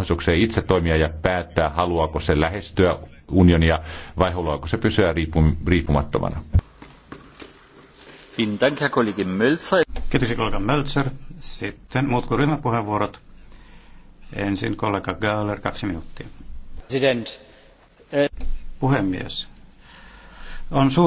mahdollisuuksia itse toimia ja päättää, haluaako se lähestyä unionia vai haluaako se pysyä riippumattomana. Kiitoksia kollega Mölzer. Sitten muut kuin ryhmäpuheenvuorot. Ensin kollega Gauler, kaksi minuuttia. President. Eh, Puhemies. On suuri